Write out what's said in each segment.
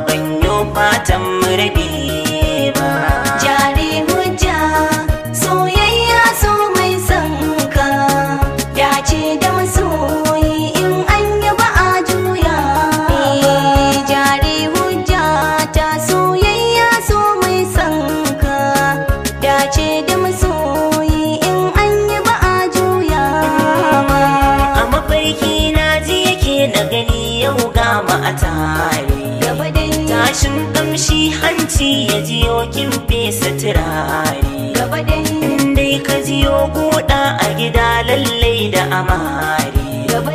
ban yo fatan murbi ba jari hujja soyayya so mai sanka ce da masoyi in an yi ba a juya eh, jari hujja ta soyayya so mai sanka dace da masoyi in an yi ba a juya a mafarki na ji yake na gani yau ga ma'ata kashin kamshi hanci ya jiyo kin fesa turare gaba dai ka jiyo guda a gida lallai da amare gaba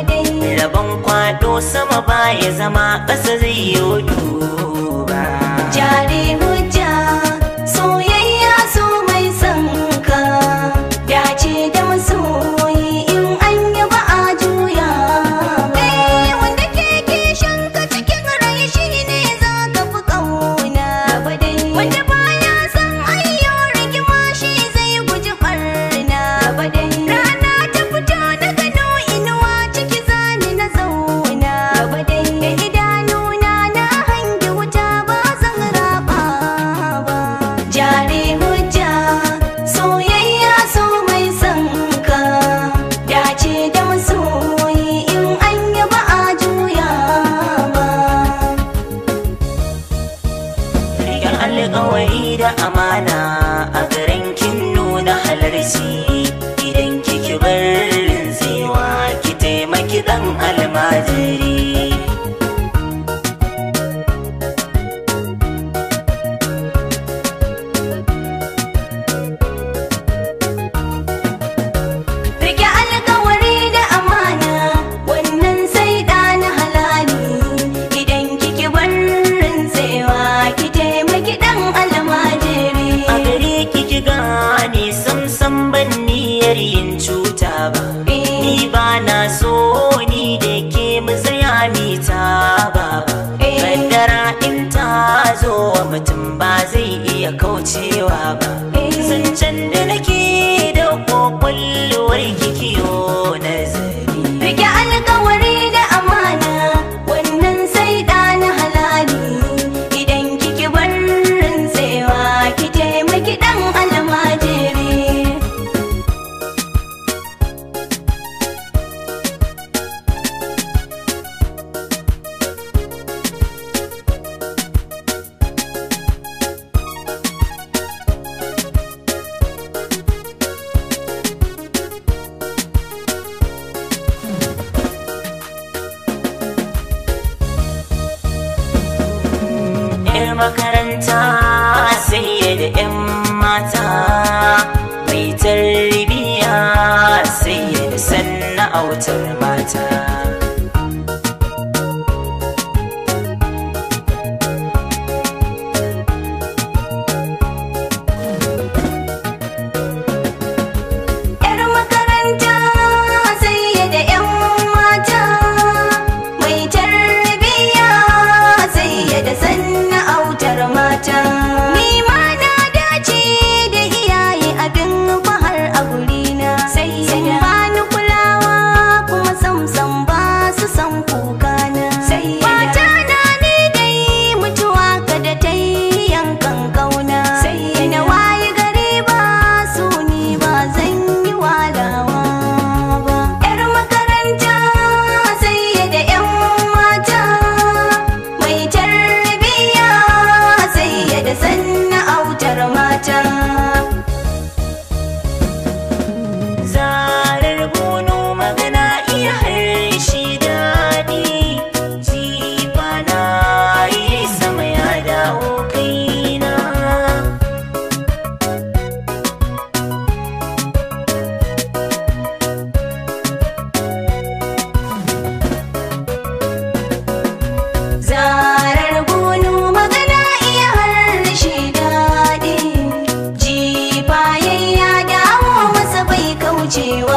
rabon kwado sama ba ya zama ƙasa zai yi alkawari da amana a garin kin nuna halarci idan kiki bar rinsewa ki taimaki dan almajiri is not gender. makaranta sai da 'yan mata mai tarbiya sai da sana'autar mata cewa